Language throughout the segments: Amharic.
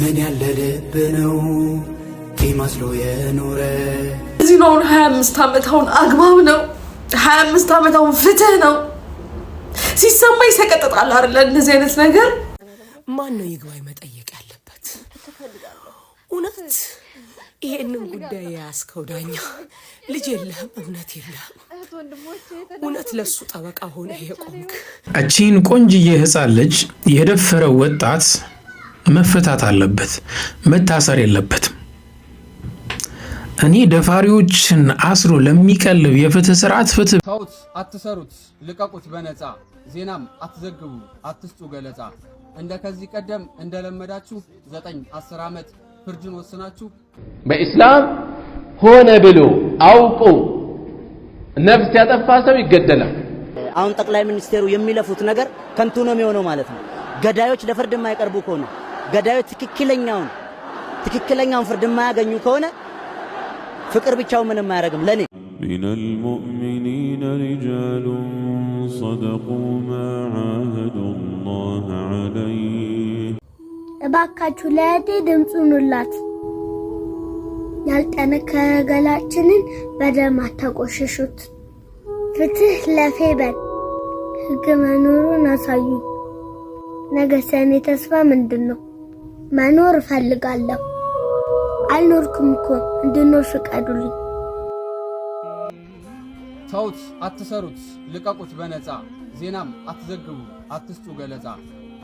ምን ያለ ልብ ነው ቲማስሎ የኖረ እዚህ ነው። አሁን 25 ዓመት አሁን አግባብ ነው። 25 ዓመት አሁን ፍትህ ነው። ሲሰማ ይሰቀጥጣል አይደለ? እንደዚህ አይነት ነገር ማን ነው ይግባኝ መጠየቅ ያለበት? እውነት ይሄንን ጉዳይ የያዝከው ዳኛ ልጅ የለህም፣ እምነት የለህም። እውነት ለሱ ጠበቃ ሆነ የቆምክ እቺን ቆንጅዬ ህፃን ልጅ የደፈረው ወጣት መፈታት አለበት፣ መታሰር የለበትም። እኔ ደፋሪዎችን አስሮ ለሚቀልብ የፍትህ ስርዓት ፍትህ ተውት፣ አትሰሩት፣ ልቀቁት በነፃ ዜናም አትዘግቡ፣ አትስጡ ገለጻ። እንደ ከዚህ ቀደም እንደለመዳችሁ ዘጠኝ አስር ዓመት ፍርድን ወስናችሁ በኢስላም ሆነ ብሎ አውቆ ነፍስ ያጠፋ ሰው ይገደላል። አሁን ጠቅላይ ሚኒስቴሩ የሚለፉት ነገር ከንቱ ነው የሚሆነው ማለት ነው። ገዳዮች ለፍርድ የማይቀርቡ ከሆነ ገዳዮች ትክክለኛውን ትክክለኛውን ፍርድ የማያገኙ ከሆነ ፍቅር ብቻው ምንም አያደርግም። ለኔ من المؤمنين رجال صدقوا ما عاهدوا الله عليه እባካችሁ ለእህቴ ድምፁኑላት ያልጠነከረ ገላችንን በደም አታቆሽሹት። ፍትህ ለፌበን ህግ መኖሩን አሳዩ። ነገ ሰኔ ተስፋ ምንድን ነው? መኖር እፈልጋለሁ። አልኖርኩም እኮ እንድኖር ፍቀዱልኝ። ተውት፣ አትሰሩት፣ ልቀቁት በነፃ ዜናም አትዘግቡ፣ አትስጡ ገለጻ።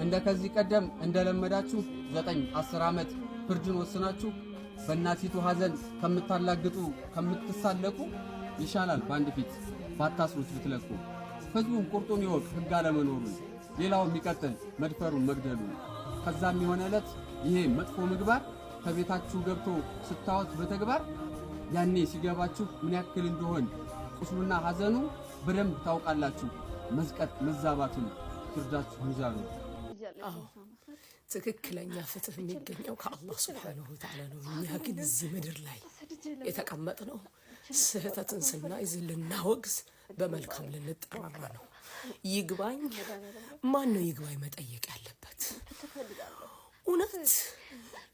እንደ ከዚህ ቀደም እንደለመዳችሁ ዘጠኝ አስር ዓመት ፍርድን ወስናችሁ በእናቲቱ ሐዘን ከምታላግጡ ከምትሳለቁ ይሻላል በአንድ ፊት ባታስሩት ብትለቁ። ሕዝቡም ቁርጡን ይወቅ ሕግ አለመኖሩን ሌላው የሚቀጥል መድፈሩን መግደሉን ከዛም የሆነ ዕለት ይሄ መጥፎ ምግባር ከቤታችሁ ገብቶ ስታወት በተግባር ያኔ ሲገባችሁ ምን ያክል እንደሆን ቁስሉና ሐዘኑ በደንብ ታውቃላችሁ። መዝቀጥ መዛባቱን ትርዳችሁ ሚዛኑ ትክክለኛ ፍትህ የሚገኘው ከአላህ ስብሓነሁ ወተዓላ ነው። እኛ ግን እዚህ ምድር ላይ ነው። ስህተትን ይዝልና ልናወግዝ፣ በመልካም ልንጠራራ ነው። ይግባኝ ማን ነው ይግባኝ መጠየቅ ያለብን? እፈልጋለሁ። እውነት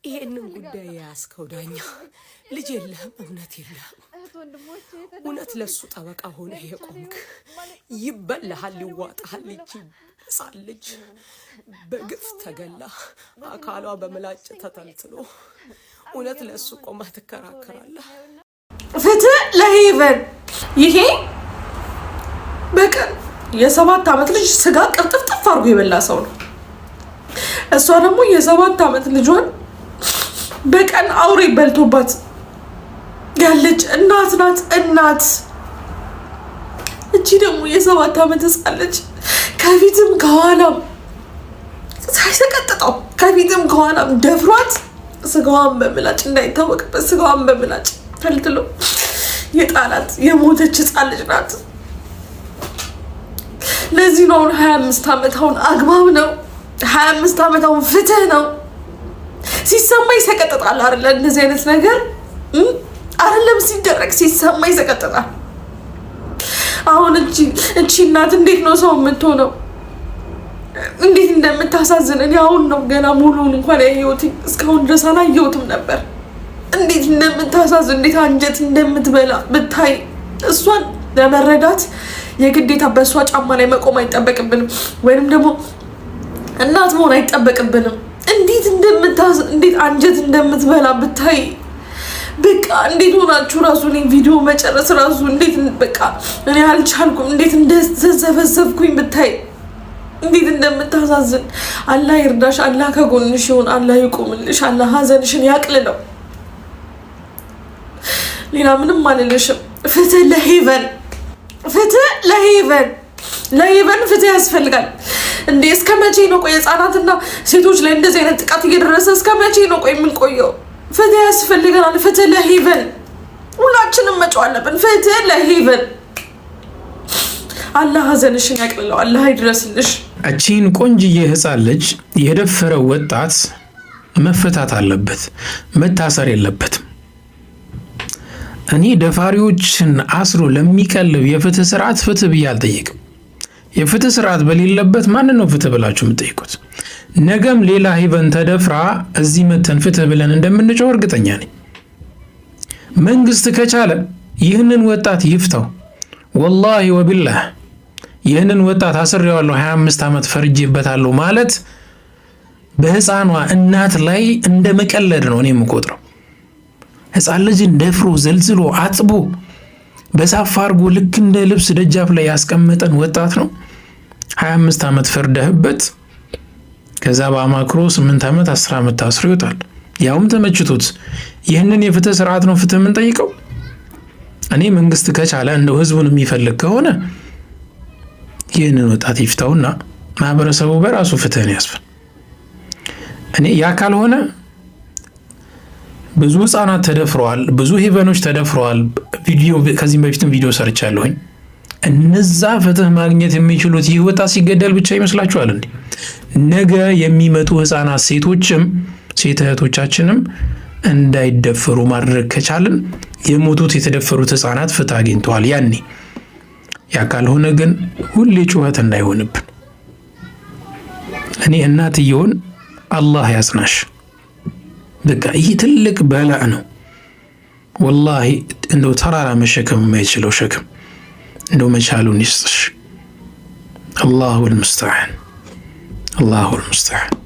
ይሄንን ጉዳይ የያዝከው ዳኛ ልጅ የለህም፣ እውነት የለህም። እውነት ለእሱ ጠበቃ ሆነ የቆምክ ይበላሃል፣ ይዋጣሃል። ልጅ ሕፃን ልጅ በግፍ ተገላ፣ አካሏ በምላጭ ተተልትሎ፣ እውነት ለእሱ ቆማ ትከራከራለህ? ፍትህ ለሄቨን ይሄ በቀን የሰባት ዓመት ልጅ ስጋ ቅርጥፍጥፍ አድርጎ የበላ ሰው ነው። እሷ ደግሞ የሰባት ዓመት ልጇን በቀን አውሬ በልቶባት ያለች እናት ናት። እናት እቺ ደግሞ የሰባት ዓመት ህጻለች ከፊትም ከኋላም ሳይሰቀጥጠው ከፊትም ከኋላም ደፍሯት ስጋዋን በምላጭ እንዳይታወቅበት ስጋዋን በምላጭ ፈልትሎ የጣላት የሞተች ህጻን ልጅ ናት። ለዚህ ነው አሁን ሀያ አምስት ዓመት አሁን አግባብ ነው ሀያ አምስት ዓመት አሁን ፍትህ ነው ሲሰማ ይሰቀጥጣል አይደለ? እንደዚህ አይነት ነገር አይደለም ሲደረግ ሲሰማ ይሰቀጥጣል። አሁን እቺ እቺ እናት እንዴት ነው ሰው የምትሆነው? እንዴት እንደምታሳዝን እኔ አሁን ነው ገና ሙሉውን እንኳን ያየሁት፣ እስካሁን ድረስ አላየሁትም ነበር። እንዴት እንደምታሳዝን እንዴት አንጀት እንደምትበላ ብታይ። እሷን ለመረዳት የግዴታ በእሷ ጫማ ላይ መቆም አይጠበቅብንም ወይንም ደግሞ እናት መሆን አይጠበቅብንም። እንዴት እንደምታዝ እንዴት አንጀት እንደምትበላ ብታይ በቃ እንዴት ሆናችሁ ራሱ እኔ ቪዲዮ መጨረስ ራሱ እንዴት በቃ እኔ አልቻልኩም። እንዴት እንደዘዘበዘብኩኝ ብታይ እንዴት እንደምታሳዝን። አላህ ይርዳሽ፣ አላህ ከጎንሽ ይሁን፣ አላህ ይቆምልሽ፣ አላህ ሀዘንሽን ያቅልለው። ሌላ ምንም አልልሽም። ፍትህ ለሄቨን፣ ፍትህ ለሄቨን፣ ለሄቨን ፍትህ ያስፈልጋል። እንዴ እስከ መቼ ነው ቆይ ህጻናትና ሴቶች ላይ እንደዚህ አይነት ጥቃት እየደረሰ እስከ መቼ ነው ቆይ የምንቆየው? ፍትህ ያስፈልገናል። ፍትህ ለሄቨን ሁላችንም መጮህ አለብን። ፍትህ ለሄቨን። አላህ ሀዘንሽን ያቅልለው። አላህ ይድረስልሽ። እቺን ቆንጅዬ ህፃን ልጅ የደፈረ ወጣት መፈታት አለበት፣ መታሰር የለበትም። እኔ ደፋሪዎችን አስሮ ለሚቀልብ የፍትህ ስርዓት ፍትህ ብዬ አልጠይቅም። የፍትህ ስርዓት በሌለበት ማንን ነው ፍትህ ብላችሁ የምጠይቁት? ነገም ሌላ ሂበን ተደፍራ እዚህ መተን ፍትህ ብለን እንደምንጮው እርግጠኛ ነኝ። መንግስት ከቻለ ይህንን ወጣት ይፍታው። ወላሂ ወቢላህ ይህንን ወጣት አስሬዋለሁ፣ 25 ዓመት ፈርጄበታለሁ ማለት በህፃኗ እናት ላይ እንደ መቀለድ ነው እኔ የምቆጥረው። ህፃን ልጅን ደፍሮ ዘልዝሎ አጥቦ በሳፋ አድርጎ ልክ እንደ ልብስ ደጃፍ ላይ ያስቀመጠን ወጣት ነው። 25 ዓመት ፈርደህበት ከዛ በአማክሮ 8 ዓመት 10 ዓመት ታስሮ ይወጣል። ያውም ተመችቶት። ይህንን የፍትህ ስርዓት ነው ፍትህ የምንጠይቀው? እኔ መንግስት ከቻለ እንደው ህዝቡን የሚፈልግ ከሆነ ይህንን ወጣት ይፍታውና ማህበረሰቡ በራሱ ፍትህን ያስፈል እኔ ያ ካልሆነ ብዙ ህጻናት ተደፍረዋል፣ ብዙ ሄቨኖች ተደፍረዋል። ቪዲዮ ከዚህም በፊትም ቪዲዮ ሰርቻለሁኝ። እነዛ ፍትህ ማግኘት የሚችሉት ይህ ወጣት ሲገደል ብቻ ይመስላችኋል እንዴ? ነገ የሚመጡ ህጻናት ሴቶችም ሴት እህቶቻችንም እንዳይደፈሩ ማድረግ ከቻልን የሞቱት የተደፈሩት ህጻናት ፍትህ አግኝተዋል ያኔ። ያ ካልሆነ ግን ሁሌ ጩኸት እንዳይሆንብን። እኔ እናትየውን አላህ ያጽናሽ። በቃ ይህ ትልቅ በላዕ ነው። ወላሂ እንደው ተራራ መሸከም የማይችለው ሸክም እንደው መቻሉን ይስጥሽ። አላሁ ልሙስተዓን፣ አላሁ ልሙስተዓን።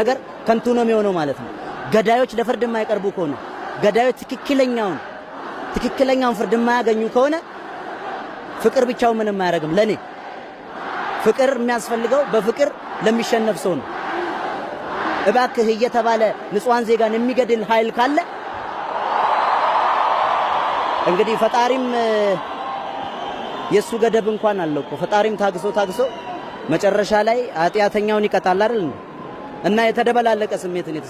ነገር ከንቱ ነው የሚሆነው ማለት ነው። ገዳዮች ለፍርድ የማይቀርቡ ከሆነ ገዳዮች ትክክለኛውን ትክክለኛውን ፍርድ የማያገኙ ከሆነ ፍቅር ብቻው ምንም አያደርግም። ለኔ ፍቅር የሚያስፈልገው በፍቅር ለሚሸነፍ ሰው ነው። እባክህ እየተባለ ንጹሃን ዜጋን የሚገድል ኃይል ካለ እንግዲህ ፈጣሪም የሱ ገደብ እንኳን አለው እኮ ፈጣሪም ታግሶ ታግሶ መጨረሻ ላይ አጢአተኛውን ይቀጣል አይደል? እና የተደበላለቀ ስሜትን